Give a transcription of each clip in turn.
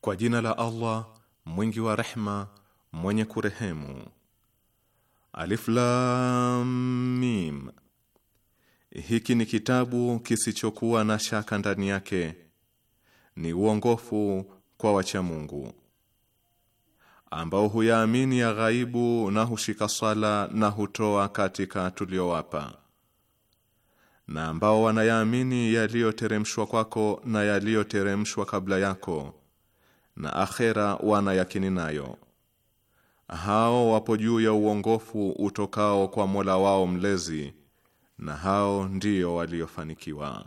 Kwa jina la Allah mwingi wa rehma mwenye kurehemu. Alif Lam Mim. Hiki ni kitabu kisichokuwa na shaka ndani yake ni uongofu kwa wacha mungu ambao huyaamini ya ghaibu na hushika sala na hutoa katika tuliyowapa na ambao wanayaamini yaliyoteremshwa kwako na yaliyoteremshwa kabla yako na akhera wanayakini nayo hao wapo juu ya uongofu utokao kwa Mola wao mlezi na hao ndiyo waliofanikiwa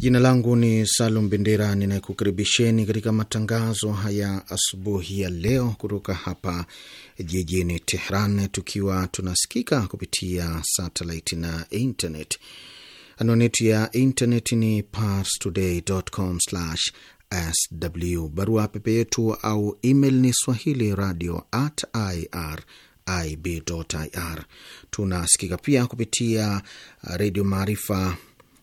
Jina langu ni Salum Bendera, ninayekukaribisheni katika matangazo haya asubuhi ya leo kutoka hapa jijini Tehran, tukiwa tunasikika kupitia satelit na internet. Anwani yetu ya internet ni parstoday.com/sw. Barua pepe yetu au email ni swahili radio at ir IB.ir. Tunasikika pia kupitia Redio Maarifa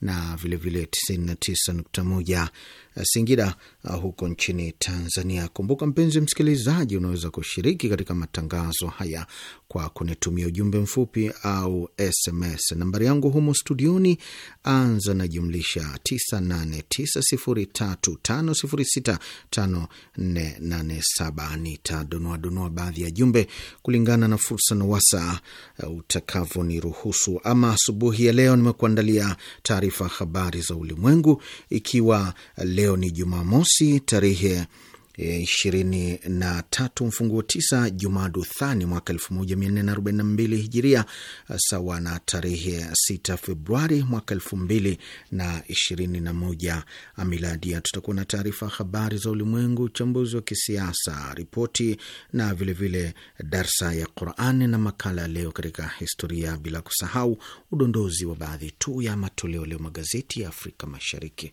na vilevile 99.1 eh, Singida eh, huko nchini Tanzania. Kumbuka mpenzi msikilizaji, unaweza kushiriki katika matangazo haya kwa kunitumia ujumbe mfupi au SMS. Nambari yangu humo studioni, anza na jumlisha 989035065487. dunua baadhi ya jumbe kulingana na fursa na wasaa eh, utakavyoniruhusu. Ama asubuhi ya leo nimekuandalia taarifa taarifa habari za ulimwengu, ikiwa leo ni Jumamosi tarehe 23 e, mfunguo tisa Jumada Thani mwaka 1442 Hijiria, sawa na tarehe 6 Februari mwaka 2021 Miladia. Tutakuwa na taarifa habari za ulimwengu, uchambuzi wa kisiasa, ripoti na vilevile vile darsa ya Qurani na makala ya leo katika historia, bila kusahau udondozi wa baadhi tu ya matoleo leo magazeti ya Afrika Mashariki.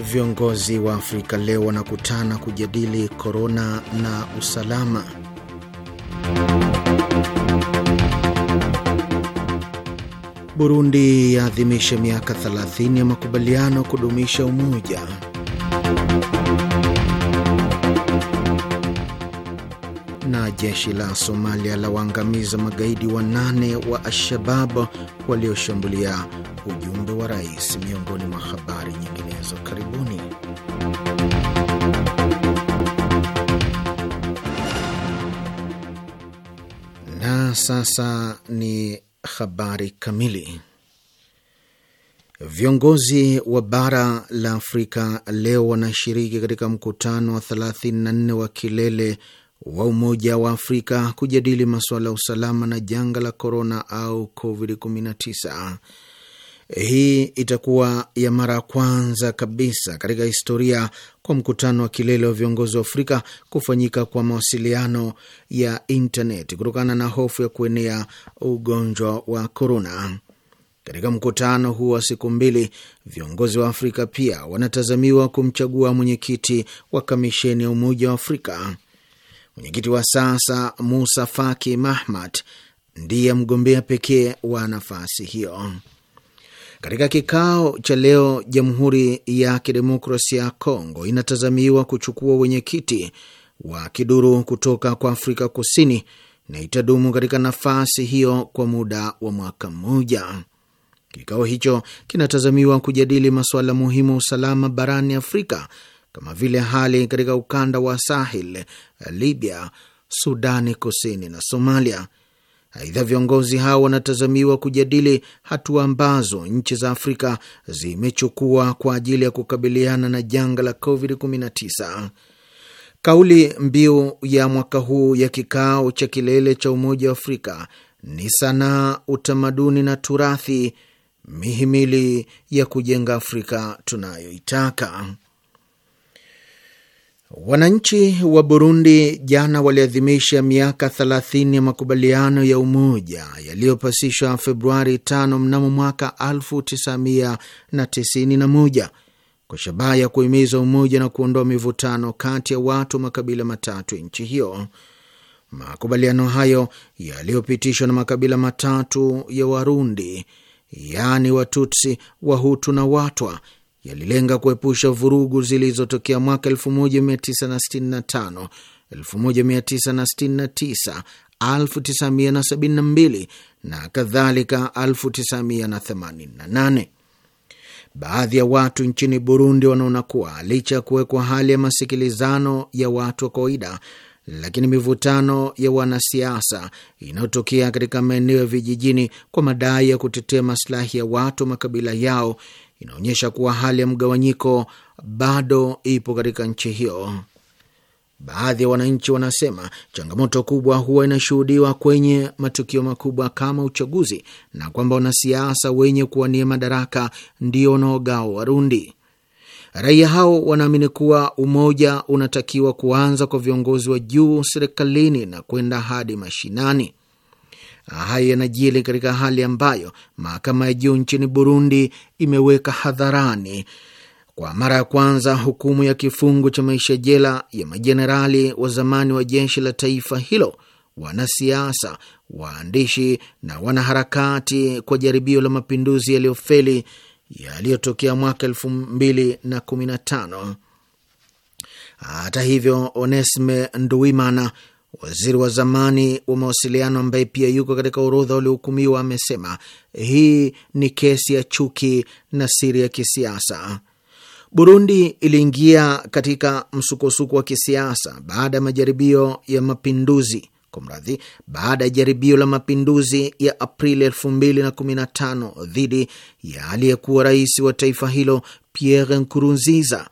Viongozi wa Afrika leo wanakutana kujadili korona na usalama. Burundi yaadhimisha miaka 30 ya makubaliano kudumisha umoja. na jeshi la Somalia la waangamiza magaidi wanane wa Alshabab walioshambulia ujumbe wa rais, miongoni mwa habari nyinginezo. Karibuni. Na sasa ni habari kamili. Viongozi wa bara la Afrika leo wanashiriki katika mkutano wa 34 wa kilele wa Umoja wa Afrika kujadili masuala ya usalama na janga la korona au COVID-19. Hii itakuwa ya mara ya kwanza kabisa katika historia kwa mkutano wa kilele wa viongozi wa Afrika kufanyika kwa mawasiliano ya intnet kutokana na hofu ya kuenea ugonjwa wa korona. Katika mkutano huu wa siku mbili, viongozi wa Afrika pia wanatazamiwa kumchagua mwenyekiti wa kamisheni ya Umoja wa Afrika. Mwenyekiti wa sasa Musa Faki mahmad ndiye mgombea pekee wa nafasi hiyo. Katika kikao cha leo, Jamhuri ya Kidemokrasia ya Kongo inatazamiwa kuchukua wenyekiti wa kiduru kutoka kwa Afrika Kusini na itadumu katika nafasi hiyo kwa muda wa mwaka mmoja. Kikao hicho kinatazamiwa kujadili masuala muhimu usalama barani Afrika kama vile hali katika ukanda wa Sahil, Libya, Sudani Kusini na Somalia. Aidha, viongozi hao wanatazamiwa kujadili hatua ambazo nchi za Afrika zimechukua kwa ajili ya kukabiliana na janga la COVID-19. Kauli mbiu ya mwaka huu ya kikao cha kilele cha Umoja wa Afrika ni sanaa, utamaduni na turathi, mihimili ya kujenga Afrika tunayoitaka. Wananchi wa Burundi jana waliadhimisha miaka 30 ya makubaliano ya umoja yaliyopasishwa Februari 5 mnamo mwaka 1991 kwa shabaha ya kuhimiza umoja na kuondoa mivutano kati ya watu wa makabila matatu ya nchi hiyo. Makubaliano hayo yaliyopitishwa na makabila matatu ya Warundi, yaani Watutsi, Wahutu na Watwa yalilenga kuepusha vurugu zilizotokea mwaka 1965, 1969, 1972 na kadhalika 1988. Baadhi ya watu nchini Burundi wanaona kuwa licha ya kuwekwa hali ya masikilizano ya watu wa kawaida, lakini mivutano ya wanasiasa inayotokea katika maeneo ya vijijini kwa madai ya kutetea maslahi ya watu makabila yao inaonyesha kuwa hali ya mgawanyiko bado ipo katika nchi hiyo. Baadhi ya wananchi wanasema changamoto kubwa huwa inashuhudiwa kwenye matukio makubwa kama uchaguzi, na kwamba wanasiasa wenye kuwania madaraka ndio wanaogawa Warundi. Raia hao wanaamini kuwa umoja unatakiwa kuanza kwa viongozi wa juu serikalini na kwenda hadi mashinani. Haya yanajiri katika hali ambayo mahakama ya juu nchini Burundi imeweka hadharani kwa mara ya kwanza hukumu ya kifungo cha maisha jela ya majenerali wa zamani wa jeshi la taifa hilo, wanasiasa, waandishi na wanaharakati kwa jaribio la mapinduzi yaliyofeli yaliyotokea mwaka elfu mbili na kumi na tano. Hata hivyo, Onesme Nduwimana Waziri wa zamani wa mawasiliano ambaye pia yuko katika orodha waliohukumiwa amesema hii ni kesi ya chuki na siri ya kisiasa. Burundi iliingia katika msukosuko wa kisiasa baada ya majaribio ya mapinduzi kumradhi, baada ya jaribio la mapinduzi ya Aprili 2015 dhidi ya aliyekuwa rais wa taifa hilo Pierre Nkurunziza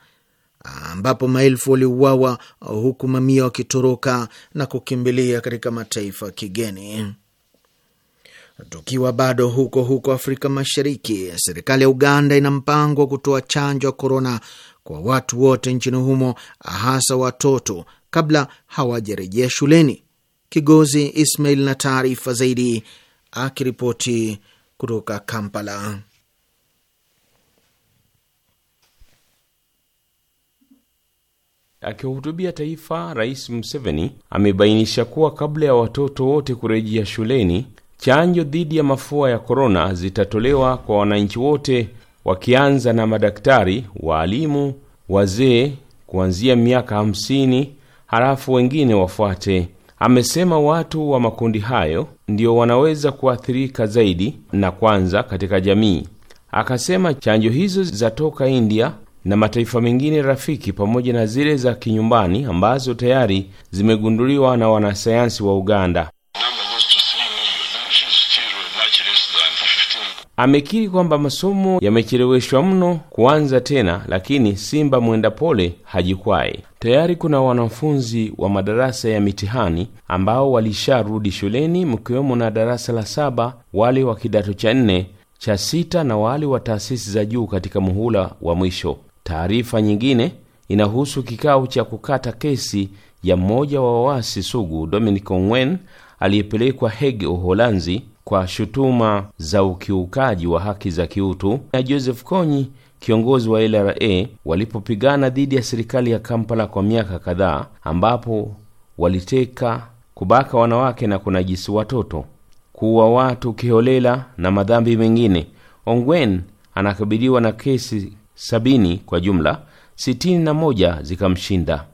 ambapo maelfu waliuawa huku mamia wakitoroka na kukimbilia katika mataifa kigeni. Tukiwa bado huko huko Afrika Mashariki, serikali ya Uganda ina mpango wa kutoa chanjo ya korona kwa watu wote nchini humo, hasa watoto kabla hawajarejea shuleni. Kigozi Ismail na taarifa zaidi akiripoti kutoka Kampala. Akihutubia taifa, Rais Museveni amebainisha kuwa kabla ya watoto wote kurejea shuleni, chanjo dhidi ya mafua ya korona zitatolewa kwa wananchi wote, wakianza na madaktari, waalimu, wazee kuanzia miaka hamsini, halafu wengine wafuate. Amesema watu wa makundi hayo ndio wanaweza kuathirika zaidi na kwanza katika jamii. Akasema chanjo hizo zatoka India na mataifa mengine rafiki pamoja na zile za kinyumbani ambazo tayari zimegunduliwa na wanasayansi wa Uganda. Amekiri kwamba masomo yamecheleweshwa mno kuanza tena, lakini simba mwenda pole hajikwai. Tayari kuna wanafunzi wa madarasa ya mitihani ambao walisharudi shuleni, mkiwemo na darasa la saba, wale wa kidato cha nne, cha sita na wale wa taasisi za juu katika muhula wa mwisho. Taarifa nyingine inahusu kikao cha kukata kesi ya mmoja wa wawasi sugu Dominic Ongwen aliyepelekwa Hague, Uholanzi, kwa shutuma za ukiukaji wa haki za kiutu na Joseph Kony, kiongozi wa LRA, walipopigana dhidi ya serikali ya Kampala kwa miaka kadhaa, ambapo waliteka, kubaka wanawake na kunajisi watoto, kuua watu kiholela na madhambi mengine. Ongwen anakabiliwa na kesi sabini kwa jumla, sitini na moja zikamshinda.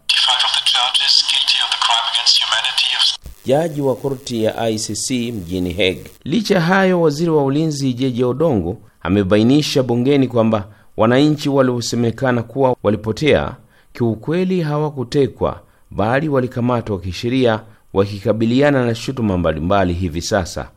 Jaji wa korti ya ICC mjini Hague. Licha ya hayo, waziri wa ulinzi Jeje Odongo amebainisha bungeni kwamba wananchi waliosemekana kuwa walipotea kiukweli hawakutekwa, bali walikamatwa kisheria wakikabiliana na shutuma mbalimbali hivi sasa.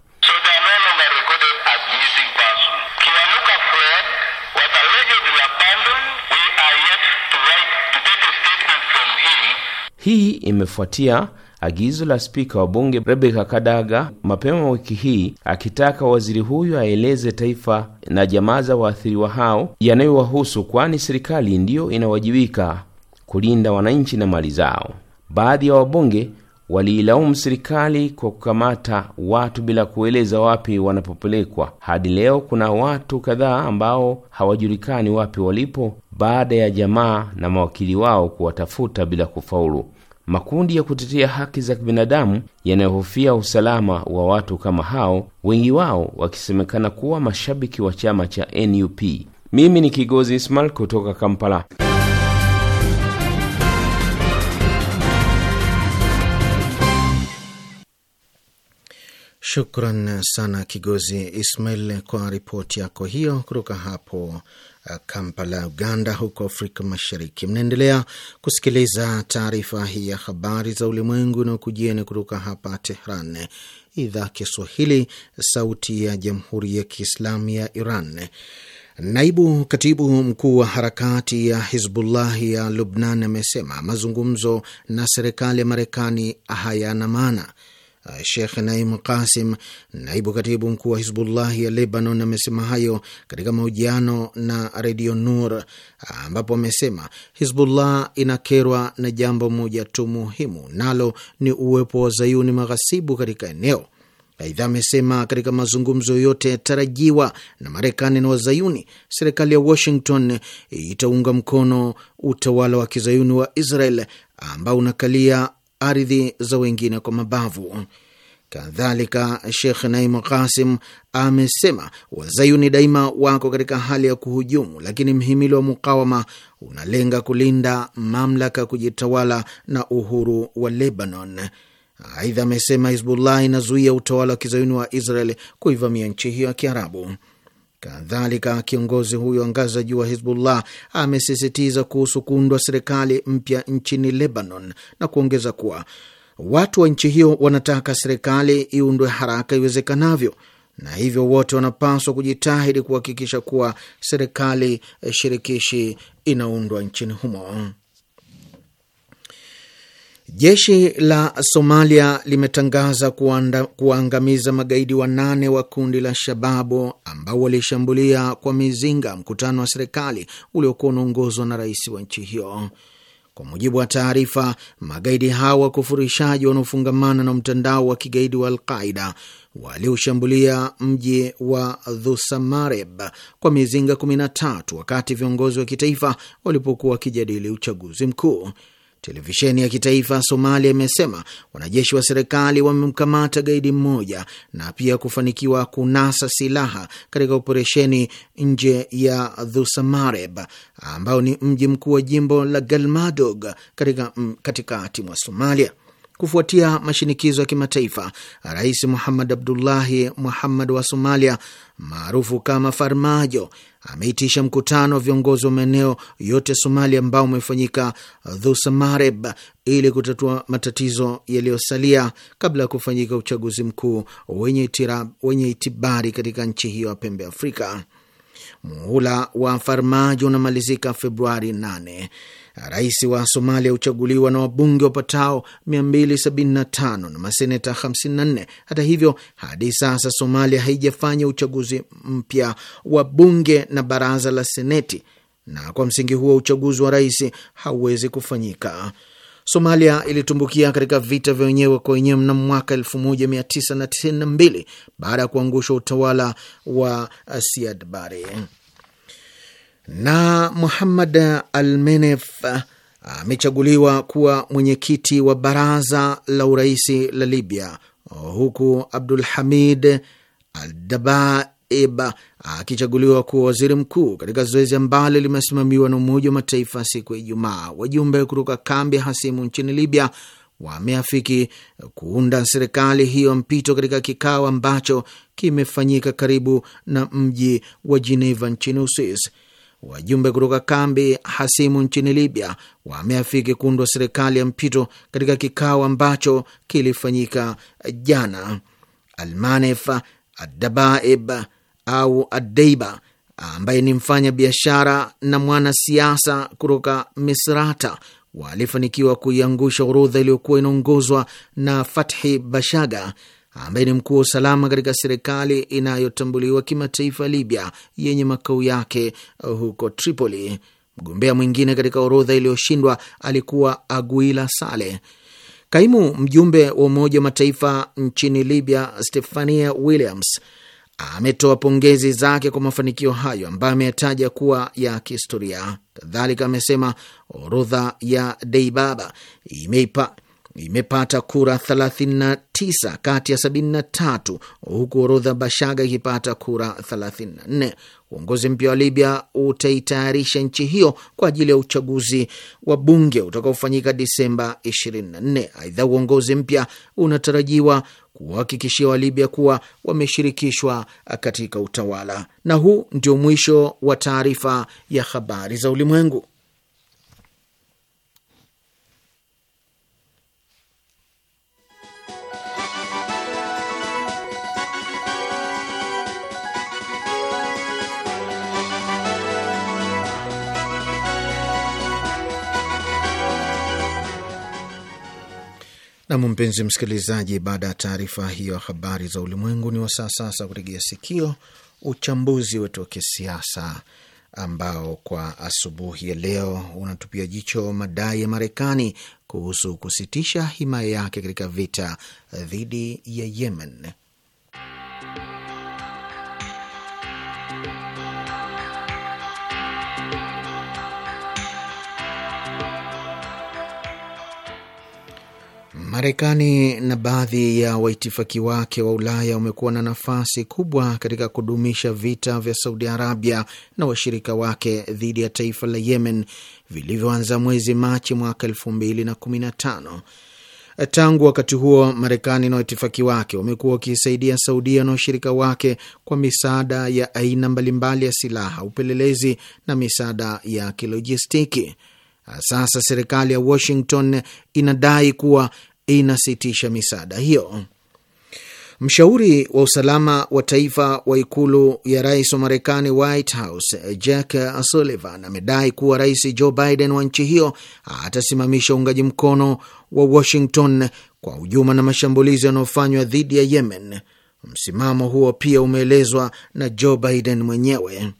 Hii imefuatia agizo la spika wa bunge Rebeka Kadaga mapema wiki hii akitaka waziri huyo aeleze taifa na jamaa za waathiriwa hao yanayowahusu, kwani serikali ndiyo inawajibika kulinda wananchi na mali zao. Baadhi ya wabunge waliilaumu serikali kwa kukamata watu bila kueleza wapi wanapopelekwa. Hadi leo kuna watu kadhaa ambao hawajulikani wapi walipo baada ya jamaa na mawakili wao kuwatafuta bila kufaulu. Makundi ya kutetea haki za kibinadamu yanayohofia usalama wa watu kama hao, wengi wao wakisemekana kuwa mashabiki wa chama cha NUP. Mimi ni Kigozi Ismail kutoka Kampala. Shukran sana Kigozi Ismail kwa ripoti yako hiyo kutoka hapo uh, Kampala, Uganda, huko Afrika Mashariki. Mnaendelea kusikiliza taarifa hii ya habari za ulimwengu na kutoka hapa Tehran, idhaa Kiswahili, sauti ya jamhuri ya kiislamu ya Iran. Naibu katibu mkuu wa harakati ya Hizbullah ya Lubnan amesema mazungumzo na serikali ya Marekani hayana maana Uh, Shekh Naim Kasim, naibu katibu mkuu wa Hizbullahi ya Lebanon, amesema hayo katika mahojiano na Redio Nur uh, ambapo amesema Hizbullah inakerwa na jambo moja tu muhimu, nalo ni uwepo wa zayuni maghasibu katika eneo. Aidha amesema katika mazungumzo yote yatarajiwa na Marekani na Wazayuni, serikali ya Washington itaunga mkono utawala wa kizayuni wa Israel ambao unakalia ardhi za wengine kwa mabavu. Kadhalika, Shekh Naim Kasim amesema wazayuni daima wako katika hali ya kuhujumu, lakini mhimili wa mukawama unalenga kulinda mamlaka, kujitawala na uhuru wa Lebanon. Aidha amesema Hizbullah inazuia utawala wa kizayuni wa Israel kuivamia nchi hiyo ya Kiarabu. Kadhalika, kiongozi huyo wa ngazi za juu wa Hizbullah amesisitiza kuhusu kuundwa serikali mpya nchini Lebanon na kuongeza kuwa watu wa nchi hiyo wanataka serikali iundwe haraka iwezekanavyo na hivyo wote wanapaswa kujitahidi kuhakikisha kuwa serikali shirikishi inaundwa nchini humo. Jeshi la Somalia limetangaza kuanda, kuangamiza magaidi wanane wa kundi la Shababu ambao walishambulia kwa mizinga mkutano wa serikali uliokuwa unaongozwa na rais wa nchi hiyo. Kwa mujibu wa taarifa, magaidi hawa wakufurishaji wanaofungamana na mtandao wa kigaidi wa Alqaida walioshambulia mji wa Dhusamareb kwa mizinga 13 wakati viongozi wa kitaifa walipokuwa wakijadili uchaguzi mkuu. Televisheni ya kitaifa ya Somalia imesema wanajeshi wa serikali wamemkamata gaidi mmoja na pia kufanikiwa kunasa silaha katika operesheni nje ya Dhusamareb ambao ni mji mkuu wa jimbo la Galmadog katika katikati mwa Somalia kufuatia mashinikizo ya kimataifa, Rais Muhammad Abdullahi Muhammad wa Somalia maarufu kama Farmajo ameitisha mkutano wa viongozi wa maeneo yote ya Somalia ambao umefanyika Dhusamareb ili kutatua matatizo yaliyosalia kabla ya kufanyika uchaguzi mkuu wenye itibari katika nchi hiyo ya pembe Afrika muhula wa Farmajo unamalizika Februari 8. Rais wa Somalia huchaguliwa na wabunge wapatao 275 na maseneta 54. Hata hivyo, hadi sasa Somalia haijafanya uchaguzi mpya wa bunge na baraza la seneti, na kwa msingi huo uchaguzi wa rais hauwezi kufanyika. Somalia ilitumbukia katika vita vya wenyewe kwa wenyewe mnamo mwaka 1992 baada ya kuangusha utawala wa Siad Barre. Na Muhammad Almenef uh, amechaguliwa kuwa mwenyekiti wa baraza la uraisi la Libya, uh, huku Abdul Hamid Aldaba Eba akichaguliwa kuwa waziri mkuu katika zoezi ambalo limesimamiwa na Umoja wa Mataifa siku ya Ijumaa. Wajumbe kutoka kambi hasimu nchini Libya wameafiki kuunda serikali hiyo ya mpito katika kikao ambacho kimefanyika karibu na mji wa Geneva nchini Uswisi. Wajumbe kutoka kambi hasimu nchini Libya wameafiki kuundwa serikali ya mpito katika kikao ambacho kilifanyika jana. Almanef Adabaib au Adeiba ambaye ni mfanya biashara na mwanasiasa kutoka Misrata walifanikiwa kuiangusha orodha iliyokuwa inaongozwa na Fathi Bashaga ambaye ni mkuu wa usalama katika serikali inayotambuliwa kimataifa Libya yenye makao yake huko Tripoli. Mgombea mwingine katika orodha iliyoshindwa alikuwa Aguila Saleh. Kaimu mjumbe wa Umoja wa Mataifa nchini Libya Stefania Williams ametoa pongezi zake kwa mafanikio hayo ambayo ameyataja kuwa ya kihistoria. Kadhalika amesema orodha ya Deibaba imeipa imepata kura 39 kati ya 73 huku orodha Bashaga ikipata kura 34. Uongozi mpya wa Libya utaitayarisha nchi hiyo kwa ajili ya uchaguzi wa bunge utakaofanyika Disemba 24. Aidha, uongozi mpya unatarajiwa kuwahakikishia wa Libya kuwa wameshirikishwa katika utawala. Na huu ndio mwisho wa taarifa ya habari za ulimwengu. Nam, mpenzi msikilizaji, baada ya taarifa hiyo habari za ulimwengu, ni wasaa sasa kutegea sikio uchambuzi wetu wa kisiasa ambao kwa asubuhi ya leo unatupia jicho madai ya Marekani kuhusu kusitisha himaya yake katika vita dhidi ya Yemen. Marekani na baadhi ya waitifaki wake wa Ulaya wamekuwa na nafasi kubwa katika kudumisha vita vya Saudi Arabia na washirika wake dhidi ya taifa la Yemen vilivyoanza mwezi Machi mwaka elfu mbili na kumi na tano. Tangu wakati huo Marekani na waitifaki wake wamekuwa wakisaidia Saudia na washirika wake kwa misaada ya aina mbalimbali ya silaha, upelelezi na misaada ya kilojistiki. Sasa serikali ya Washington inadai kuwa inasitisha misaada hiyo. Mshauri wa usalama wa taifa wa ikulu ya rais wa Marekani, White House, Jack Sullivan amedai kuwa rais Joe Biden wa nchi hiyo atasimamisha uungaji mkono wa Washington kwa hujuma na mashambulizi yanayofanywa dhidi ya Yemen. Msimamo huo pia umeelezwa na Joe Biden mwenyewe.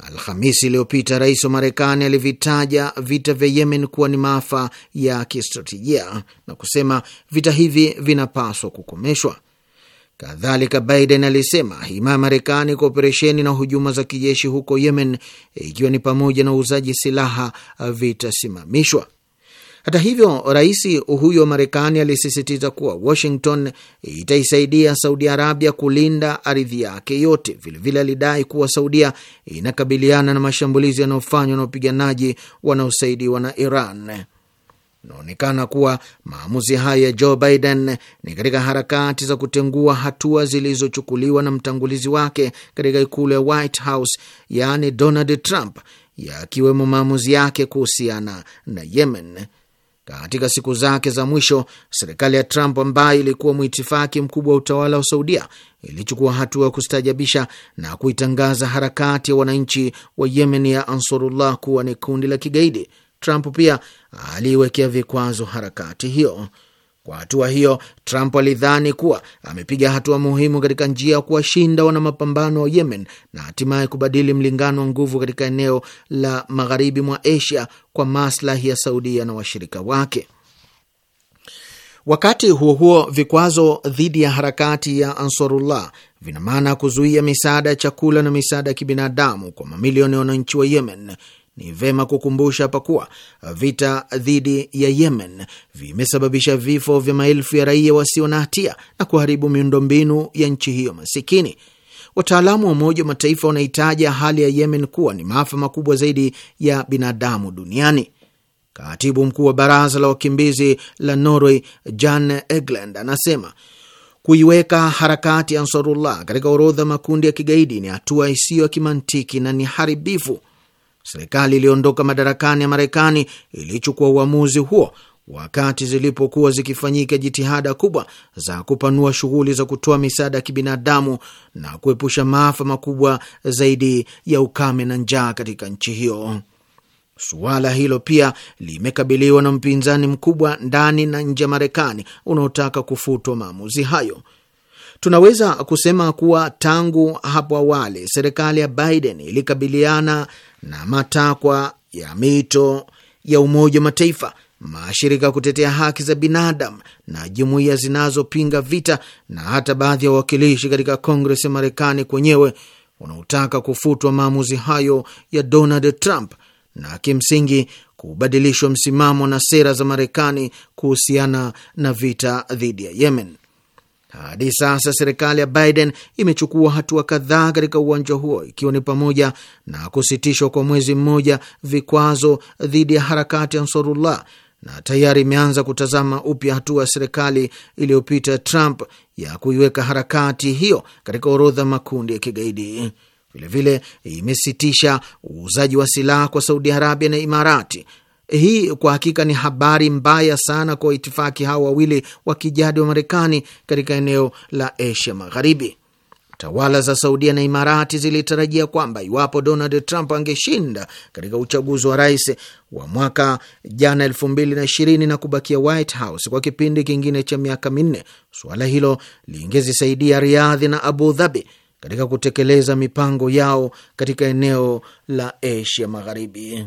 Alhamisi iliyopita rais wa Marekani alivitaja vita vya Yemen kuwa ni maafa ya kistratejia na kusema vita hivi vinapaswa kukomeshwa. Kadhalika, Biden alisema hima ya Marekani kwa operesheni na hujuma za kijeshi huko Yemen, ikiwa ni pamoja na uuzaji silaha, vitasimamishwa. Hata hivyo, rais huyo wa Marekani alisisitiza kuwa Washington itaisaidia Saudi Arabia kulinda ardhi yake yote. Vilevile alidai kuwa Saudia inakabiliana na mashambulizi yanayofanywa na wapiganaji wanaosaidiwa na Iran. Inaonekana kuwa maamuzi hayo ya Joe Biden ni katika harakati za kutengua hatua zilizochukuliwa na mtangulizi wake katika ikulu ya White House, yaani Donald Trump, yakiwemo maamuzi yake kuhusiana na Yemen. Katika siku zake za mwisho, serikali ya Trump ambayo ilikuwa mwitifaki mkubwa wa utawala wa Saudia ilichukua hatua ya kustajabisha na kuitangaza harakati ya wananchi wa Yemen ya Ansarullah kuwa ni kundi la kigaidi. Trump pia aliiwekea vikwazo harakati hiyo. Kwa hatua hiyo, Trump alidhani kuwa amepiga hatua muhimu katika njia ya kuwashinda wana mapambano wa Yemen na hatimaye kubadili mlingano wa nguvu katika eneo la magharibi mwa Asia kwa maslahi ya Saudia na washirika wake. Wakati huo huo, vikwazo dhidi ya harakati ya Ansarullah vina maana ya kuzuia misaada ya chakula na misaada ya kibinadamu kwa mamilioni ya wananchi wa Yemen ni vema kukumbusha hapa kuwa vita dhidi ya Yemen vimesababisha vifo vya maelfu ya raia wasio na hatia na kuharibu miundombinu ya nchi hiyo masikini. Wataalamu wa Umoja wa Mataifa wanahitaja hali ya Yemen kuwa ni maafa makubwa zaidi ya binadamu duniani. Katibu mkuu wa Baraza la Wakimbizi la Norway, Jan Egeland, anasema kuiweka harakati ya Ansarullah katika orodha makundi ya kigaidi ni hatua isiyo ya kimantiki na ni haribifu serikali iliyoondoka madarakani ya Marekani ilichukua uamuzi huo wakati zilipokuwa zikifanyika jitihada kubwa za kupanua shughuli za kutoa misaada ya kibinadamu na kuepusha maafa makubwa zaidi ya ukame na njaa katika nchi hiyo. Suala hilo pia limekabiliwa na mpinzani mkubwa ndani na nje ya Marekani unaotaka kufutwa maamuzi hayo. Tunaweza kusema kuwa tangu hapo awali serikali ya Biden ilikabiliana na matakwa ya mito ya Umoja wa Mataifa, mashirika ya kutetea haki za binadamu na jumuiya zinazopinga vita na hata baadhi ya wawakilishi katika Kongres ya Marekani kwenyewe unaotaka kufutwa maamuzi hayo ya Donald Trump na kimsingi kubadilishwa msimamo na sera za Marekani kuhusiana na vita dhidi ya Yemen. Hadi sasa serikali ya Biden imechukua hatua kadhaa katika uwanja huo, ikiwa ni pamoja na kusitishwa kwa mwezi mmoja vikwazo dhidi ya harakati ya Ansarullah na tayari imeanza kutazama upya hatua ya serikali iliyopita Trump ya kuiweka harakati hiyo katika orodha makundi ya kigaidi. Vilevile imesitisha uuzaji wa silaha kwa Saudi Arabia na Imarati hii kwa hakika ni habari mbaya sana kwa itifaki hao wawili wa kijadi wa Marekani katika eneo la Asia Magharibi. Tawala za Saudia na Imarati zilitarajia kwamba iwapo Donald Trump angeshinda katika uchaguzi wa rais wa mwaka jana elfu mbili na ishirini na kubakia White House kwa kipindi kingine cha miaka minne, suala hilo lingezisaidia Riadhi na Abu Dhabi katika kutekeleza mipango yao katika eneo la Asia Magharibi.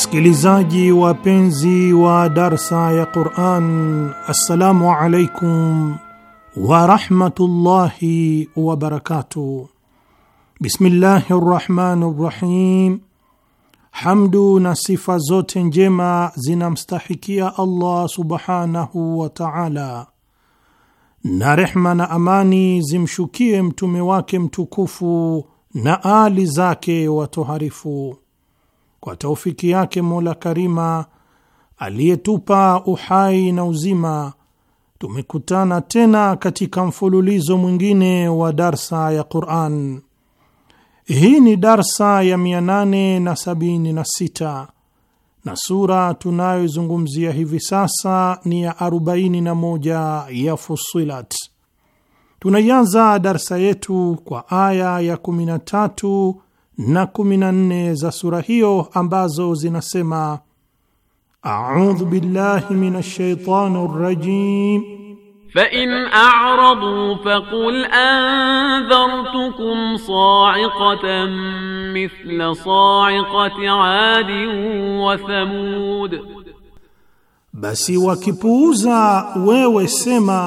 Wasikilizaji wapenzi wa darsa ya Quran, assalamu alaikum warahmatullahi wabarakatuh. Bismillahi rahmani rahim Hamdu na sifa zote njema zinamstahikia Allah subhanahu wa taala, na rehma na amani zimshukie mtume wake mtukufu na ali zake watoharifu kwa taufiki yake Mola Karima aliyetupa uhai na uzima, tumekutana tena katika mfululizo mwingine wa darsa ya Quran. Hii ni darsa ya 876 na, na sura tunayozungumzia hivi sasa ni ya 41 ya Fusilat. Tunaianza darsa yetu kwa aya ya 13 na nne za sura hiyo ambazo zinasema: a'udhu billahi minash shaitani rrajim fa in a'radu faqul anzartukum sa'iqatan mithla sa'iqati 'adin wa thamud, basi wakipuuza wewe sema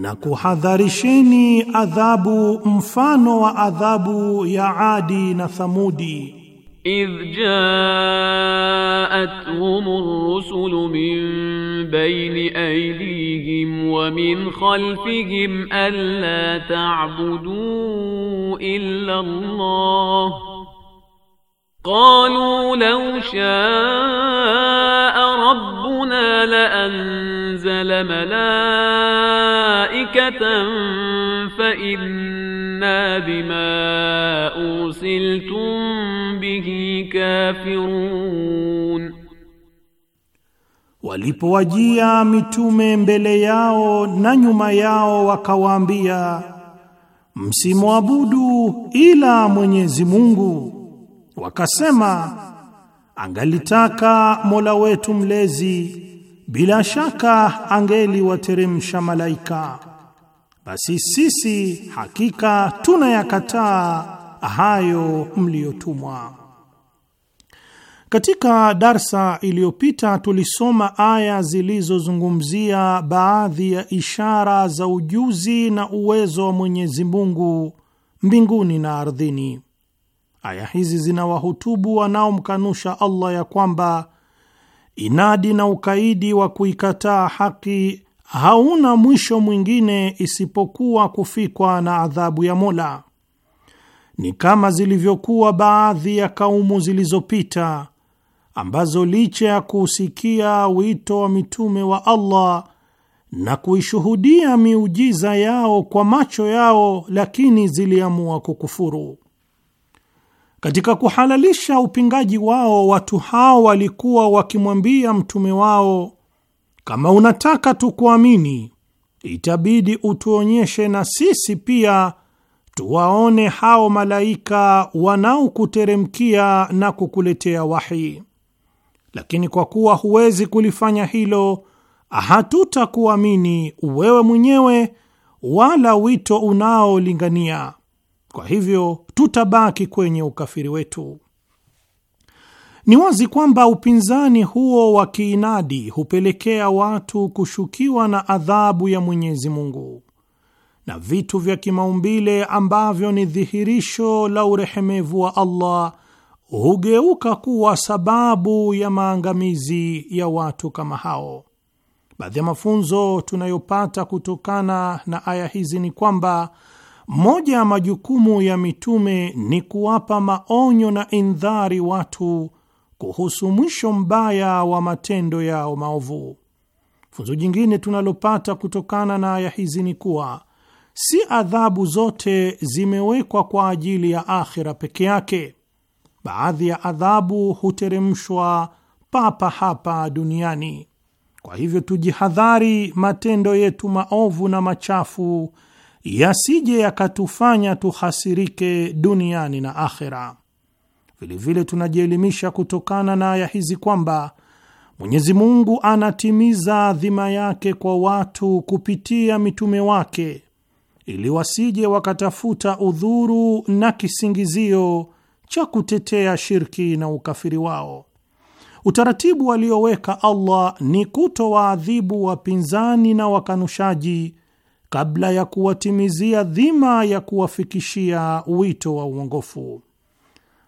na kuhadharisheni adhabu mfano wa adhabu ya Adi na Thamudi. إذ جاءتهم الرسل من بين أيديهم ومن خلفهم ألا تعبدوا إلا الله قالوا لو شاء ربنا لأنزل ملائكة فإنا bima أرسلتم به kafirun Walipowajia mitume mbele yao na nyuma yao wakawaambia, msimwabudu ila Mwenyezi Mungu Wakasema, angalitaka Mola wetu mlezi, bila shaka angeliwateremsha malaika. Basi sisi hakika tunayakataa hayo mliyotumwa. Katika darsa iliyopita tulisoma aya zilizozungumzia baadhi ya ishara za ujuzi na uwezo wa Mwenyezi Mungu mbinguni na ardhini. Aya hizi zinawahutubu wanaomkanusha Allah ya kwamba inadi na ukaidi wa kuikataa haki hauna mwisho mwingine isipokuwa kufikwa na adhabu ya Mola. Ni kama zilivyokuwa baadhi ya kaumu zilizopita ambazo licha ya kuusikia wito wa mitume wa Allah na kuishuhudia miujiza yao kwa macho yao, lakini ziliamua kukufuru. Katika kuhalalisha upingaji wao, watu hao walikuwa wakimwambia mtume wao, kama unataka tukuamini, itabidi utuonyeshe na sisi pia tuwaone hao malaika wanaokuteremkia na kukuletea wahi, lakini kwa kuwa huwezi kulifanya hilo, hatutakuamini wewe mwenyewe wala wito unaolingania kwa hivyo tutabaki kwenye ukafiri wetu. Ni wazi kwamba upinzani huo wa kiinadi hupelekea watu kushukiwa na adhabu ya Mwenyezi Mungu, na vitu vya kimaumbile ambavyo ni dhihirisho la urehemevu wa Allah hugeuka kuwa sababu ya maangamizi ya watu kama hao. Baadhi ya mafunzo tunayopata kutokana na aya hizi ni kwamba moja ya majukumu ya mitume ni kuwapa maonyo na indhari watu kuhusu mwisho mbaya wa matendo yao maovu. Funzo jingine tunalopata kutokana na aya hizi ni kuwa si adhabu zote zimewekwa kwa ajili ya akhira peke yake. Baadhi ya adhabu huteremshwa papa hapa duniani. Kwa hivyo, tujihadhari matendo yetu maovu na machafu yasije yakatufanya tuhasirike duniani na akhera. Vilevile tunajielimisha kutokana na aya hizi kwamba Mwenyezi Mungu anatimiza dhima yake kwa watu kupitia mitume wake ili wasije wakatafuta udhuru na kisingizio cha kutetea shirki na ukafiri wao. Utaratibu walioweka Allah ni kutowaadhibu wapinzani na wakanushaji kabla ya kuwatimizia dhima ya kuwafikishia wito wa uongofu.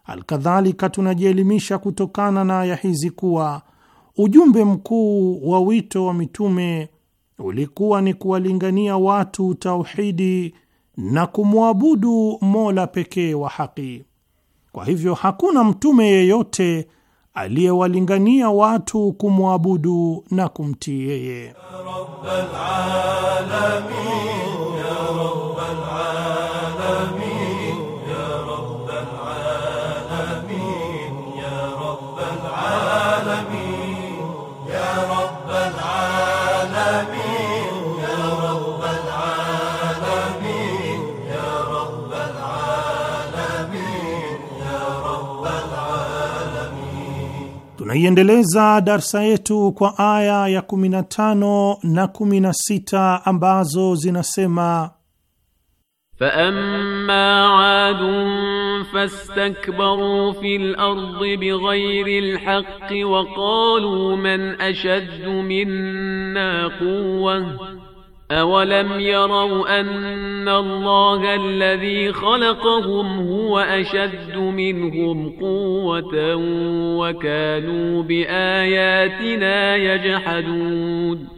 Alkadhalika, tunajielimisha kutokana na aya hizi kuwa ujumbe mkuu wa wito wa mitume ulikuwa ni kuwalingania watu tauhidi na kumwabudu Mola pekee wa haki. Kwa hivyo hakuna mtume yeyote aliyewalingania watu kumwabudu na kumtii yeye. Tunaiendeleza darsa yetu kwa aya ya 15 na 16 ambazo zinasema: faamma adun fastakbaru fil ardi bighayri alhaqqi wa qalu man ashaddu minna quwwa أولم يروا أن الله الذي خلقهم هو أشد منهم قوة وكانوا بآياتنا يجحدون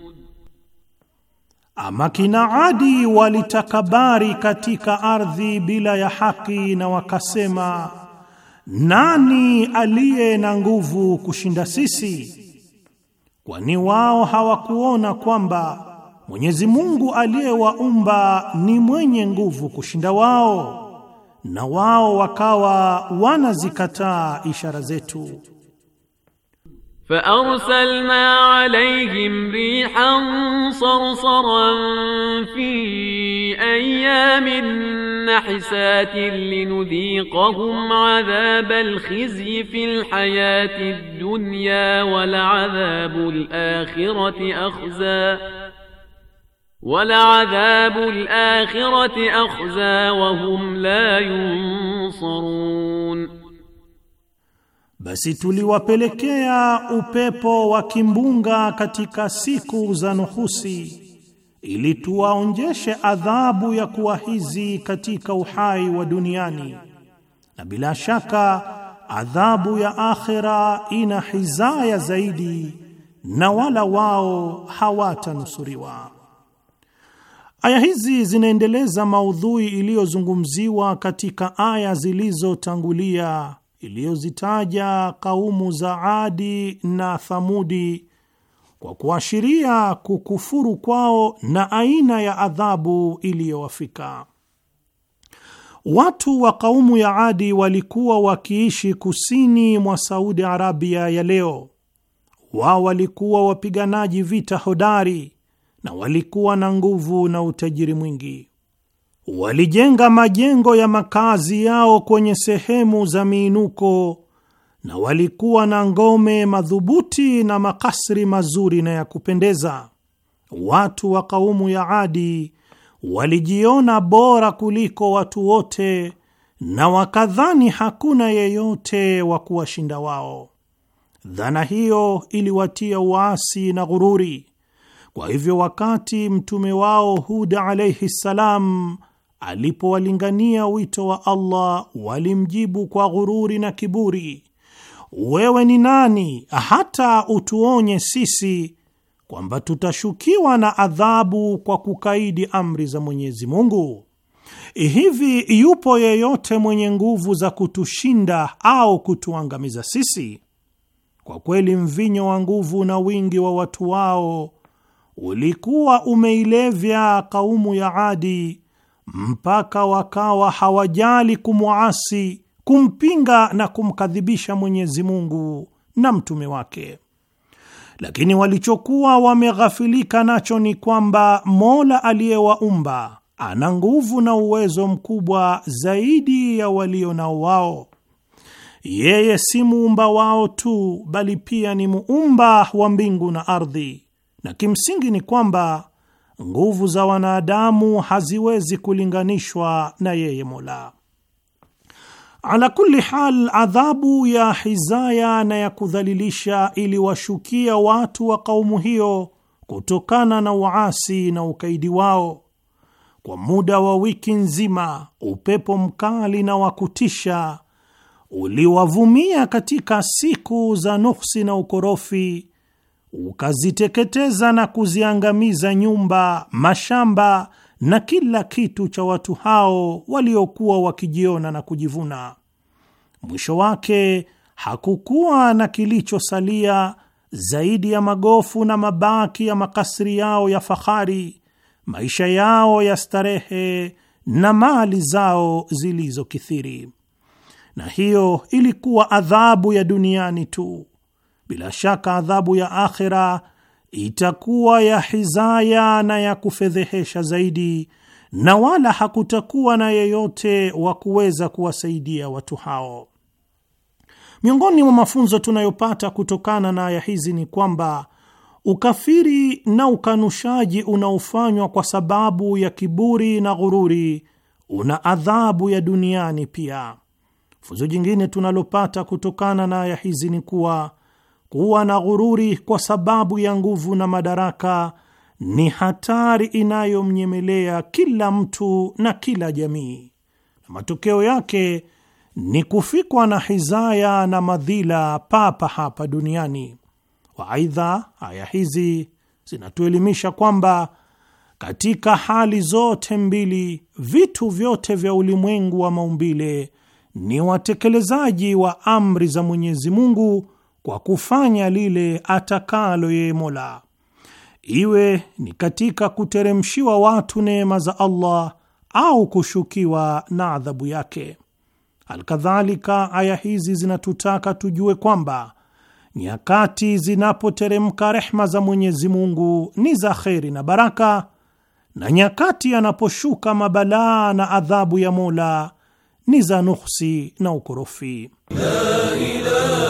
Ama kina Adi walitakabari katika ardhi bila ya haki, na wakasema, nani aliye na nguvu kushinda sisi? Kwani wao hawakuona kwamba Mwenyezi Mungu aliyewaumba ni mwenye nguvu kushinda wao, na wao wakawa wanazikataa ishara zetu. Fa arsalna alayhim rihan sarsaran fi ayamin nahisatin linudhiqahum adhabal khizyi fil hayatid dunya wal adhabul akhirati akhza Wal'adhabu al-akhirati akhza wa la yunsarun, basi tuliwapelekea upepo wa kimbunga katika siku za nuhusi ili tuwaonjeshe adhabu ya kuwa hizi katika uhai wa duniani, na bila shaka adhabu ya akhira ina hizaya zaidi, na wala wao hawatanusuriwa. Aya hizi zinaendeleza maudhui iliyozungumziwa katika aya zilizotangulia iliyozitaja kaumu za Adi na Thamudi kwa kuashiria kukufuru kwao na aina ya adhabu iliyowafika. Watu wa kaumu ya Adi walikuwa wakiishi kusini mwa Saudi Arabia ya leo. Wao walikuwa wapiganaji vita hodari na walikuwa na nguvu na utajiri mwingi. Walijenga majengo ya makazi yao kwenye sehemu za miinuko na walikuwa na ngome madhubuti na makasri mazuri na ya kupendeza. Watu wa kaumu ya Adi walijiona bora kuliko watu wote na wakadhani hakuna yeyote wa kuwashinda wao. Dhana hiyo iliwatia uasi na ghururi, kwa hivyo wakati mtume wao Huda alaihi ssalam alipowalingania wito wa Allah walimjibu kwa ghururi na kiburi, wewe ni nani hata utuonye sisi kwamba tutashukiwa na adhabu kwa kukaidi amri za Mwenyezi Mungu? Hivi yupo yeyote mwenye nguvu za kutushinda au kutuangamiza sisi? Kwa kweli mvinyo wa nguvu na wingi wa watu wao ulikuwa umeilevya kaumu ya Adi mpaka wakawa hawajali kumwasi, kumpinga na kumkadhibisha Mwenyezi Mungu na mtume wake. Lakini walichokuwa wameghafilika nacho ni kwamba Mola aliyewaumba ana nguvu na uwezo mkubwa zaidi ya walio nao wao. Yeye si muumba wao tu, bali pia ni muumba wa mbingu na ardhi na kimsingi ni kwamba nguvu za wanadamu haziwezi kulinganishwa na yeye Mola. Ala kulli hal, adhabu ya hizaya na ya kudhalilisha iliwashukia watu wa kaumu hiyo kutokana na uasi na ukaidi wao. Kwa muda wa wiki nzima, upepo mkali na wa kutisha uliwavumia katika siku za nuksi na ukorofi ukaziteketeza na kuziangamiza nyumba, mashamba na kila kitu cha watu hao waliokuwa wakijiona na kujivuna. Mwisho wake hakukuwa na kilichosalia zaidi ya magofu na mabaki ya makasri yao ya fahari, maisha yao ya starehe na mali zao zilizokithiri. Na hiyo ilikuwa adhabu ya duniani tu, bila shaka adhabu ya akhera itakuwa ya hizaya na ya kufedhehesha zaidi, na wala hakutakuwa na yeyote wa kuweza kuwasaidia watu hao. Miongoni mwa mafunzo tunayopata kutokana na aya hizi ni kwamba ukafiri na ukanushaji unaofanywa kwa sababu ya kiburi na ghururi una adhabu ya duniani pia. Funzo jingine tunalopata kutokana na aya hizi ni kuwa kuwa na ghururi kwa sababu ya nguvu na madaraka ni hatari inayomnyemelea kila mtu na kila jamii, na matokeo yake ni kufikwa na hizaya na madhila papa hapa duniani. Waaidha, aya hizi zinatuelimisha kwamba katika hali zote mbili, vitu vyote vya ulimwengu wa maumbile ni watekelezaji wa amri za Mwenyezi Mungu kwa kufanya lile atakalo yeye Mola, iwe ni katika kuteremshiwa watu neema za Allah au kushukiwa na adhabu yake. Alkadhalika, aya hizi zinatutaka tujue kwamba nyakati zinapoteremka rehma za Mwenyezi Mungu ni za kheri na baraka, na nyakati yanaposhuka mabalaa na adhabu ya Mola ni za nuksi na ukorofi La ilaha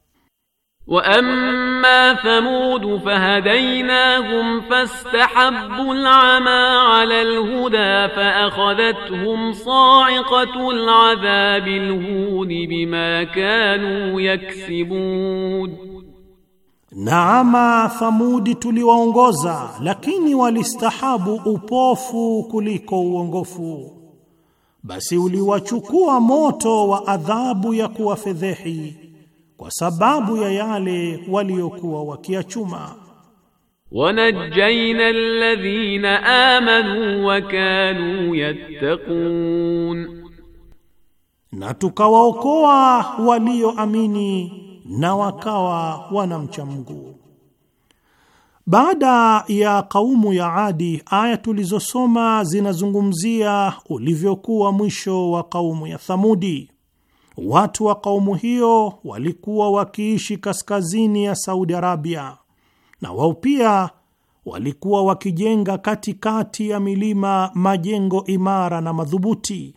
واما ثمود فهديناهم فاستحبوا العمى على الهدى فاخذتهم صاعقه العذاب الهون بما كانوا يكسبون نعم ثمود تليوانغوزا لكني والاستحاب أبوفو كليكو uongofu بس uliwachukua moto wa adhabu ya kuwafedhehi kwa sababu ya yale waliokuwa wakiachuma. Wanajaina alladhina amanu wa kanu yattaqun, na tukawaokoa walioamini na wakawa wanamcha Mungu. Baada ya kaumu ya Adi, aya tulizosoma zinazungumzia ulivyokuwa mwisho wa kaumu ya Thamudi. Watu wa kaumu hiyo walikuwa wakiishi kaskazini ya Saudi Arabia, na wao pia walikuwa wakijenga katikati ya milima majengo imara na madhubuti,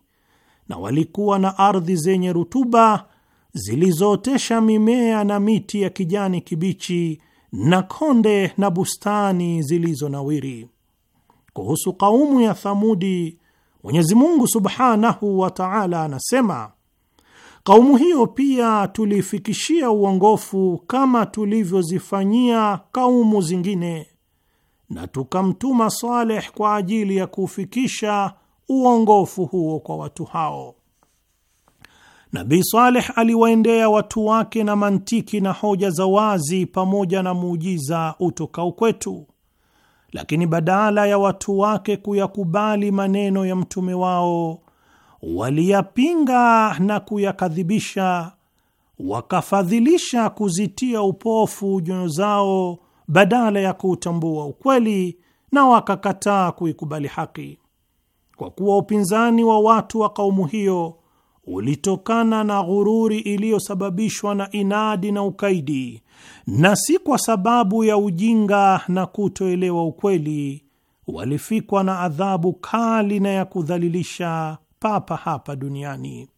na walikuwa na ardhi zenye rutuba zilizootesha mimea na miti ya kijani kibichi na konde na bustani zilizonawiri. Kuhusu kaumu ya Thamudi, Mwenyezi Mungu subhanahu wa taala anasema Kaumu hiyo pia tulifikishia uongofu kama tulivyozifanyia kaumu zingine, na tukamtuma Saleh kwa ajili ya kufikisha uongofu huo kwa watu hao. Nabii Saleh aliwaendea watu wake na mantiki na hoja za wazi pamoja na muujiza utokao kwetu, lakini badala ya watu wake kuyakubali maneno ya mtume wao waliyapinga na kuyakadhibisha, wakafadhilisha kuzitia upofu nyoyo zao badala ya kuutambua ukweli, na wakakataa kuikubali haki, kwa kuwa upinzani wa watu wa kaumu hiyo ulitokana na ghururi iliyosababishwa na inadi na ukaidi, na si kwa sababu ya ujinga na kutoelewa ukweli. Walifikwa na adhabu kali na ya kudhalilisha papa hapa duniani.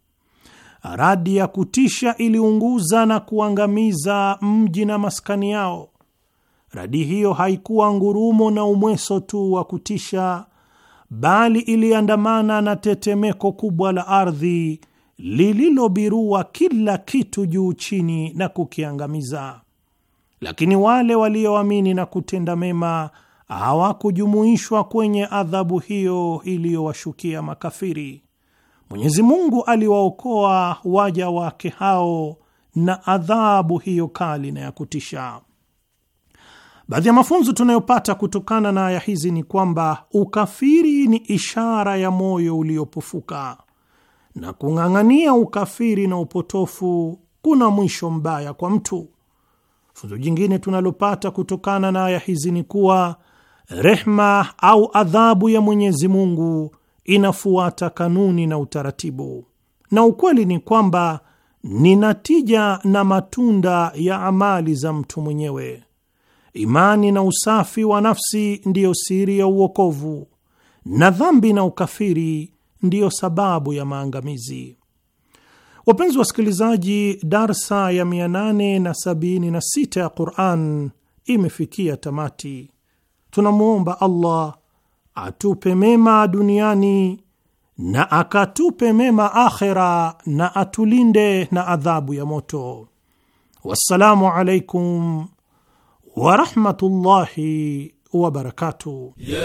Radi ya kutisha iliunguza na kuangamiza mji na maskani yao. Radi hiyo haikuwa ngurumo na umweso tu wa kutisha, bali iliandamana na tetemeko kubwa la ardhi lililobirua kila kitu juu chini na kukiangamiza. Lakini wale walioamini na kutenda mema hawakujumuishwa kwenye adhabu hiyo iliyowashukia makafiri. Mwenyezi Mungu aliwaokoa waja wake hao na adhabu hiyo kali na ya kutisha. Baadhi ya mafunzo tunayopata kutokana na aya hizi ni kwamba ukafiri ni ishara ya moyo uliopofuka na kung'ang'ania ukafiri na upotofu kuna mwisho mbaya kwa mtu. Funzo jingine tunalopata kutokana na aya hizi ni kuwa rehma au adhabu ya Mwenyezi Mungu inafuata kanuni na utaratibu, na ukweli ni kwamba ni natija na matunda ya amali za mtu mwenyewe. Imani na usafi wa nafsi ndiyo siri ya uokovu, na dhambi na ukafiri ndiyo sababu ya maangamizi. Wapenzi wasikilizaji, darsa ya 876 ya Quran imefikia tamati. Tunamwomba Allah atupe mema duniani na akatupe mema akhera na atulinde na adhabu ya moto. Wassalamu alaikum wa wabarakatuh Ya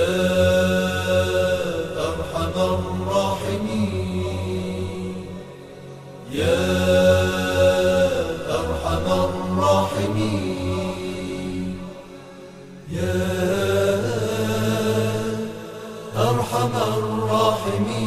الراحمين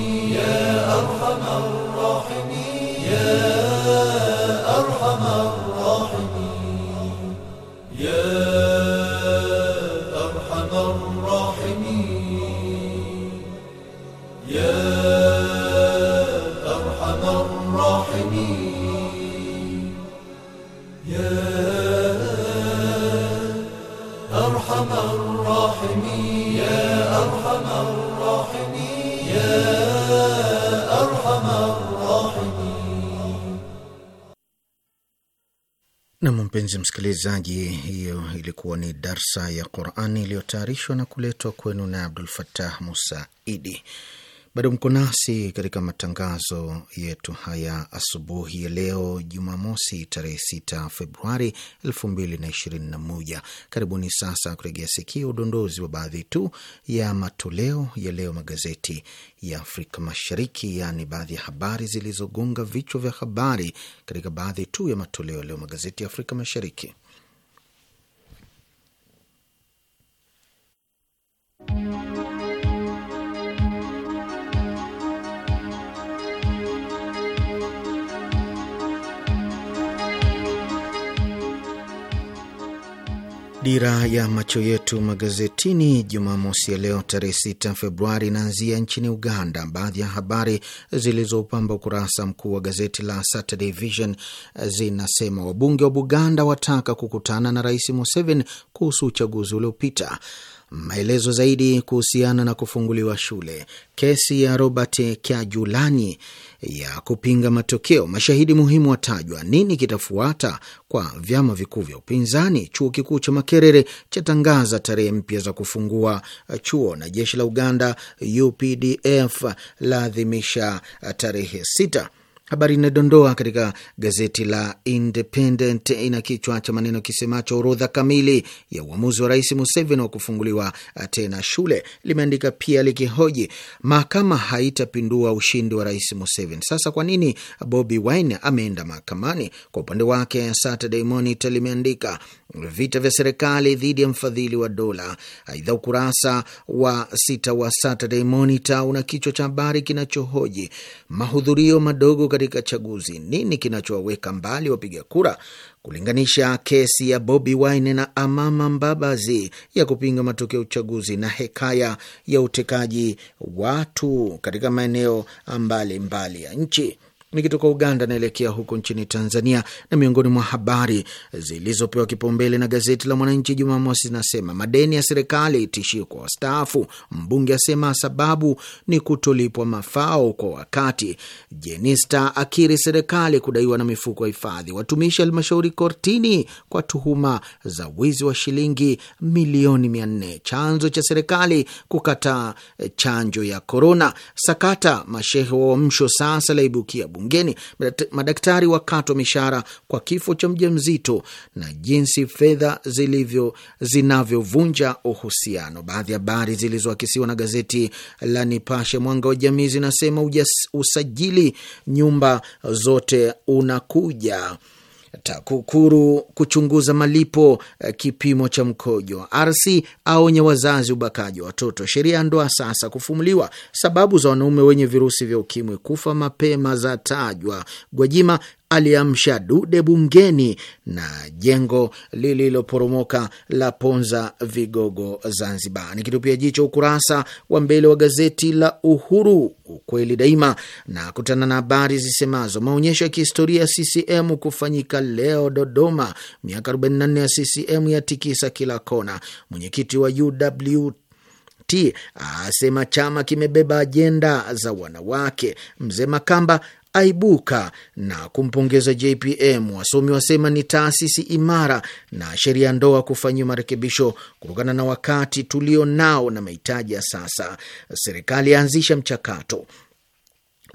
Nam, mpenzi msikilizaji, hiyo ilikuwa ni darsa ya Qurani iliyotayarishwa na kuletwa kwenu na Abdul fatah Musa Idi. Bado mko nasi katika matangazo yetu haya asubuhi ya leo Jumamosi, tarehe 6 Februari 2021. Karibuni sasa kuregea sikia udondozi wa baadhi tu ya matoleo ya leo magazeti ya Afrika Mashariki, yaani baadhi ya habari zilizogonga vichwa vya habari katika baadhi tu ya matoleo ya leo magazeti ya Afrika Mashariki. Dira ya macho yetu magazetini Jumamosi ya leo tarehe 6 Februari inaanzia nchini Uganda. Baadhi ya habari zilizopamba ukurasa mkuu wa gazeti la Saturday Vision zinasema wabunge wa Buganda wataka kukutana na Rais Museveni kuhusu uchaguzi uliopita. Maelezo zaidi kuhusiana na kufunguliwa shule, kesi ya Robert kajulani ya kupinga matokeo, mashahidi muhimu watajwa, nini kitafuata kwa vyama vikuu vya upinzani, chuo kikuu cha Makerere chatangaza tarehe mpya za kufungua chuo, na jeshi la Uganda UPDF laadhimisha tarehe sita. Habari inayodondoa katika gazeti la Independent ina kichwa cha maneno kisemacho orodha kamili ya uamuzi wa Rais Museveni wa kufunguliwa tena shule. Limeandika pia likihoji mahakama haitapindua ushindi wa Rais Museveni. Sasa kwa nini Bobi Wine ameenda mahakamani? Kwa upande wake, Saturday Monitor limeandika vita vya serikali dhidi ya mfadhili wa dola. Aidha, ukurasa wa sita wa Saturday Monitor una kichwa cha habari kinachohoji mahudhurio madogo katika chaguzi, nini kinachowaweka mbali wapiga kura, kulinganisha kesi ya Bobi Wine na Amama Mbabazi ya kupinga matokeo ya uchaguzi na hekaya ya utekaji watu katika maeneo mbalimbali ya nchi. Nikitoka Uganda naelekea huko nchini Tanzania, na miongoni mwa habari zilizopewa kipaumbele na gazeti la Mwananchi Jumamosi zinasema madeni ya serikali yaitishio kwa wastaafu, mbunge asema sababu ni kutolipwa mafao kwa wakati, Jenista akiri serikali kudaiwa na mifuko ya hifadhi, watumishi halmashauri kortini kwa tuhuma za wizi wa shilingi milioni mia nne, chanzo cha serikali kukataa chanjo ya korona, sakata mashehe wa uamsho sasa laibukia bungeni, madaktari wakatwa mishahara kwa kifo cha mja mzito na jinsi fedha zilivyo zinavyovunja uhusiano. Baadhi ya habari zilizoakisiwa na gazeti la Nipashe Mwanga wa Jamii zinasema usajili nyumba zote unakuja TAKUKURU kuchunguza malipo eh, kipimo cha mkojo. RC aonye wazazi ubakaji wa watoto. Sheria ya ndoa sasa kufumuliwa. Sababu za wanaume wenye virusi vya ukimwi kufa mapema zatajwa. Gwajima aliamsha dude bungeni na jengo lililoporomoka la ponza vigogo Zanzibar. ni kitupia jicho ukurasa wa mbele wa gazeti la Uhuru ukweli daima, na kutana na habari zisemazo maonyesho ya kihistoria ya CCM kufanyika leo Dodoma, miaka 44 ya CCM yatikisa kila kona, mwenyekiti wa UW asema chama kimebeba ajenda za wanawake. Mzee Makamba aibuka na kumpongeza JPM. Wasomi wasema ni taasisi imara na sheria ndoa kufanyiwa marekebisho kutokana na wakati tulio nao na mahitaji ya sasa. Serikali yaanzisha mchakato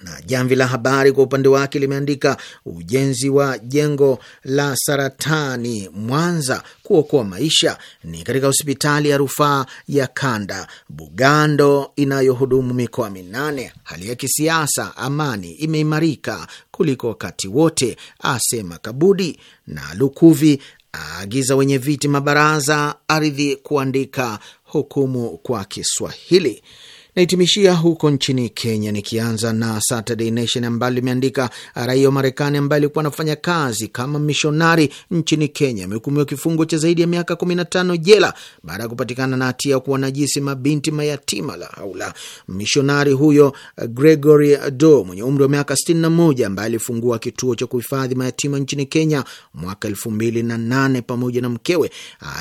na Jamvi la Habari kwa upande wake limeandika ujenzi wa jengo la saratani Mwanza kuokoa maisha ni katika hospitali ya rufaa ya kanda Bugando inayohudumu mikoa minane. Hali ya kisiasa amani imeimarika kuliko wakati wote, asema Kabudi. Na Lukuvi aagiza wenye viti mabaraza ardhi kuandika hukumu kwa Kiswahili. Naitimishia huko nchini Kenya, nikianza na Saturday Nation ambalo limeandika raia wa Marekani ambaye alikuwa anafanya kazi kama mishonari nchini Kenya amehukumiwa kifungo cha zaidi ya miaka 15 jela baada ya kupatikana na hatia ya najisi mabinti mayatima. La haula! Mishonari huyo eh, Gregory Do mwenye umri wa miaka 61 ambaye alifungua kituo cha kuhifadhi mayatima nchini Kenya mwaka 2008 pamoja na mkewe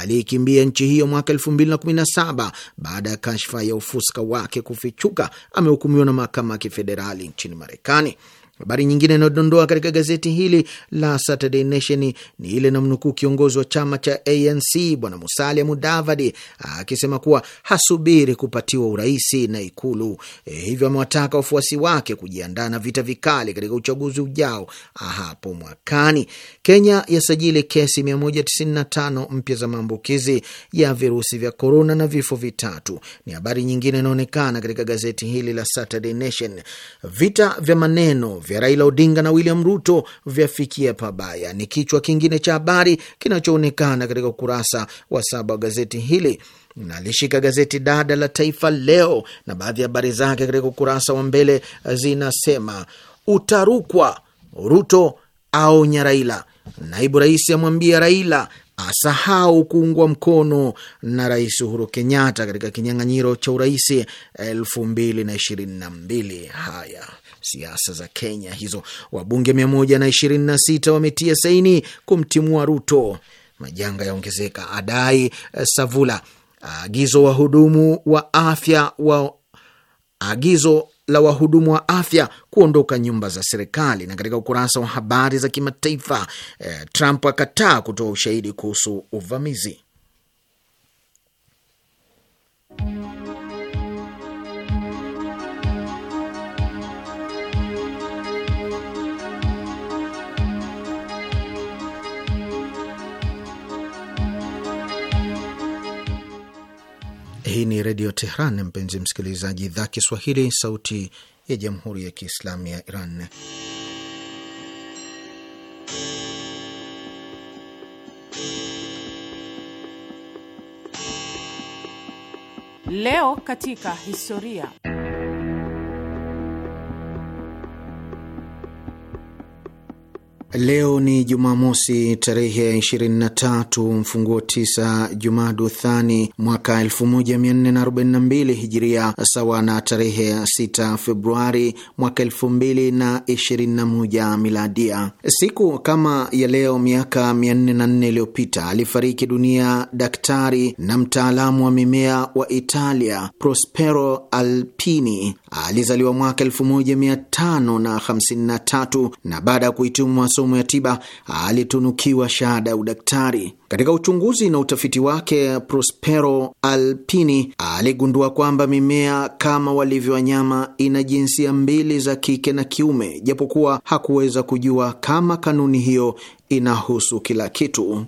aliyekimbia nchi hiyo mwaka 2017 baada ya kashfa ya ufuska wake wake kufichuka amehukumiwa na mahakama ya kifederali nchini Marekani. Habari nyingine inayodondoa katika gazeti hili la Saturday Nation ni ile namnukuu kiongozi wa chama cha ANC Bwana Musalia Mudavadi akisema kuwa hasubiri kupatiwa uraisi na Ikulu. E, hivyo amewataka wafuasi wake kujiandaa na vita vikali katika uchaguzi ujao hapo mwakani. Kenya yasajili kesi 195 mpya za maambukizi ya virusi vya korona na vifo vitatu, ni habari nyingine inaonekana katika gazeti hili la Saturday Nation. Vita vya maneno vya Raila Odinga na William Ruto vyafikia pabaya, ni kichwa kingine cha habari kinachoonekana katika ukurasa wa saba wa gazeti hili. Nalishika gazeti dada la Taifa Leo, na baadhi ya habari zake katika ukurasa wa mbele zinasema: utarukwa Ruto aonya Raila, naibu rais amwambia Raila asahau kuungwa mkono na Rais Uhuru Kenyatta katika kinyang'anyiro cha urais elfu mbili na ishirini na mbili. Haya siasa za Kenya hizo. Wabunge sita wametia saini kumtimua Ruto. Majanga yaongezeka, adai eh, Savula. Agizo wahudumu wa afya wa agizo la wahudumu wa afya kuondoka nyumba za serikali. Na katika ukurasa wa habari za kimataifa eh, Trump akataa kutoa ushahidi kuhusu uvamizi Hii ni Redio Tehran, mpenzi msikilizaji, idhaa Kiswahili, sauti ya jamhuri ya kiislamu ya Iran. Leo katika historia Leo ni Jumamosi tarehe 23 mfunguo 9 Jumadu Thani mwaka 1442 Hijiria, sawa na tarehe 6 Februari mwaka 2021 Miladia. Siku kama ya leo miaka 404 iliyopita alifariki dunia daktari na mtaalamu wa mimea wa Italia Prospero Alpini. Alizaliwa mwaka 1553 na baada ya kuhitimu masomo ya tiba alitunukiwa shahada ya udaktari. Katika uchunguzi na utafiti wake, Prospero Alpini aligundua kwamba mimea kama walivyo wanyama ina jinsia mbili za kike na kiume, japokuwa hakuweza kujua kama kanuni hiyo inahusu kila kitu.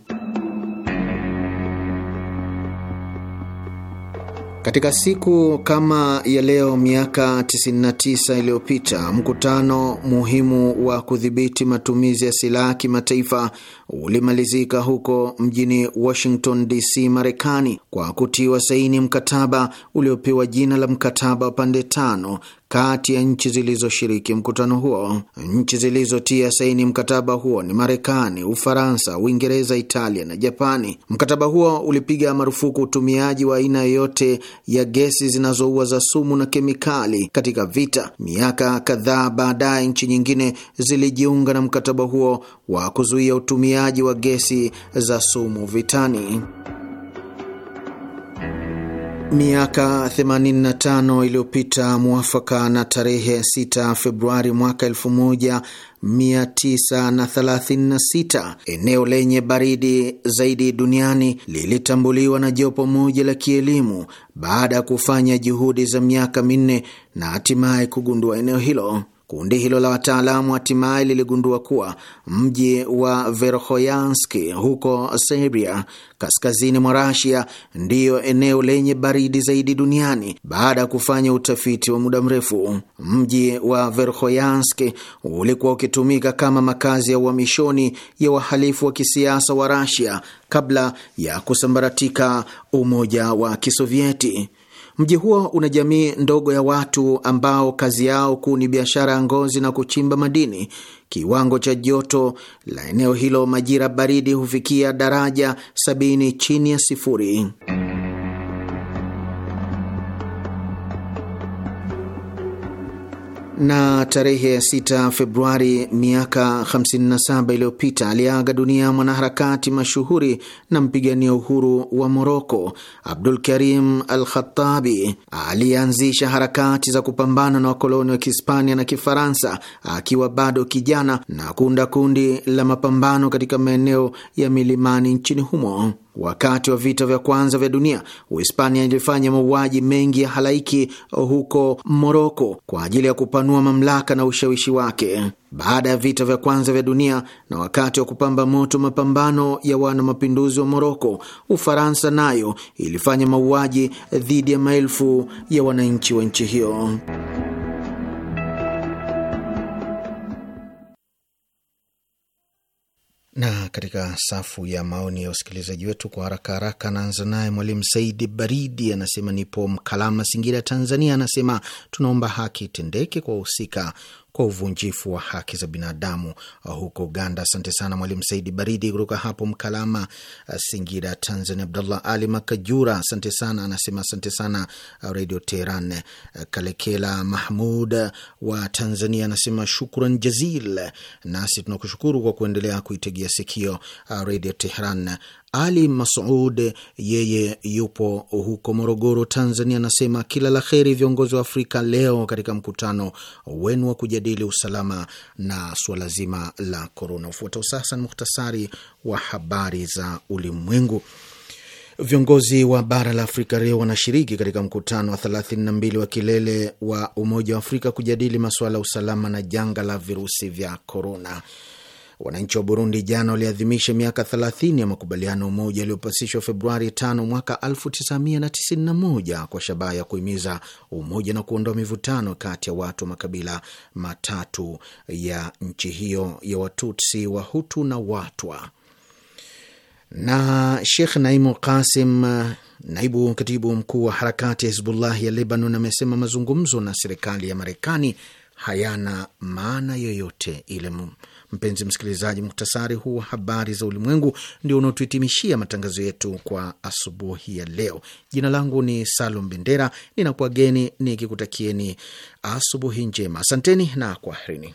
Katika siku kama ya leo miaka 99 iliyopita mkutano muhimu wa kudhibiti matumizi ya silaha kimataifa ulimalizika huko mjini Washington DC, Marekani, kwa kutiwa saini mkataba uliopewa jina la mkataba wa pande tano kati ya nchi zilizoshiriki mkutano huo. Nchi zilizotia saini mkataba huo ni Marekani, Ufaransa, Uingereza, Italia na Japani. Mkataba huo ulipiga marufuku utumiaji wa aina yoyote ya gesi zinazoua za sumu na kemikali katika vita. Miaka kadhaa baadaye, nchi nyingine zilijiunga na mkataba huo wa kuzuia utumiaji utumiaji wa gesi za sumu vitani. Miaka 85 iliyopita mwafaka na tarehe 6 Februari mwaka 1936 eneo lenye baridi zaidi duniani lilitambuliwa na jopo moja la kielimu baada ya kufanya juhudi za miaka minne na hatimaye kugundua eneo hilo. Kundi hilo la wataalamu hatimaye liligundua kuwa mji wa verhoyanski huko Siberia, kaskazini mwa Rasia, ndiyo eneo lenye baridi zaidi duniani baada ya kufanya utafiti wa muda mrefu. Mji wa Verkhoyansk ulikuwa ukitumika kama makazi ya uhamishoni ya wahalifu wa kisiasa wa Rasia kabla ya kusambaratika Umoja wa Kisovieti. Mji huo una jamii ndogo ya watu ambao kazi yao kuu ni biashara ya ngozi na kuchimba madini. Kiwango cha joto la eneo hilo majira baridi hufikia daraja sabini chini ya sifuri. na tarehe ya 6 Februari miaka 57 iliyopita aliaga dunia mwanaharakati mashuhuri na mpigania uhuru wa Moroko, Abdul Karim al Khatabi. Alianzisha harakati za kupambana na wakoloni wa Kihispania na Kifaransa akiwa bado kijana na kuunda kundi la mapambano katika maeneo ya milimani nchini humo. Wakati wa vita vya kwanza vya dunia, Uhispania ilifanya mauaji mengi ya halaiki huko Moroko kwa ajili ya kupanua mamlaka na ushawishi wake. Baada ya vita vya kwanza vya dunia na wakati wa kupamba moto mapambano ya wana mapinduzi wa Moroko, Ufaransa nayo ilifanya mauaji dhidi ya maelfu ya wananchi wa nchi hiyo. na katika safu ya maoni ya wasikilizaji wetu kwa haraka haraka, anaanza naye Mwalimu Saidi Baridi, anasema nipo Mkalama, Singida, Tanzania. Anasema tunaomba haki itendeke kwa wahusika kwa uvunjifu wa haki za binadamu huko Uganda. Asante sana Mwalimu Saidi Baridi kutoka hapo Mkalama, Singida, Tanzania. Abdullah Ali Makajura, asante sana, anasema asante sana Redio Teheran. Kalekela Mahmud wa Tanzania anasema shukran jazil, nasi tunakushukuru kwa kuendelea kuitegea sikio Radio Teheran. Ali Masud yeye yupo huko Morogoro, Tanzania, anasema kila la kheri viongozi wa Afrika leo katika mkutano wenu wa kujadili usalama na suala zima la korona. Ufuatao sasa ni muhtasari wa habari za ulimwengu. Viongozi wa bara la Afrika leo wanashiriki katika mkutano wa 32 wa kilele wa Umoja wa Afrika kujadili masuala ya usalama na janga la virusi vya korona. Wananchi wa Burundi jana waliadhimisha miaka 30 ya makubaliano umoja yaliyopasishwa Februari 5 mwaka 1991 kwa shabaha ya kuhimiza umoja na kuondoa mivutano kati ya watu wa makabila matatu ya nchi hiyo ya Watutsi, Wahutu na Watwa. Na Shekh Naimu Kasim, naibu katibu mkuu wa harakati ya Hizbullah ya Lebanon, amesema mazungumzo na serikali ya Marekani hayana maana yoyote ile. Mpenzi msikilizaji, muktasari huu wa habari za ulimwengu ndio unaotuhitimishia matangazo yetu kwa asubuhi ya leo. Jina langu ni Salum Bendera, ninakuwageni nikikutakieni asubuhi njema. Asanteni na kwaherini.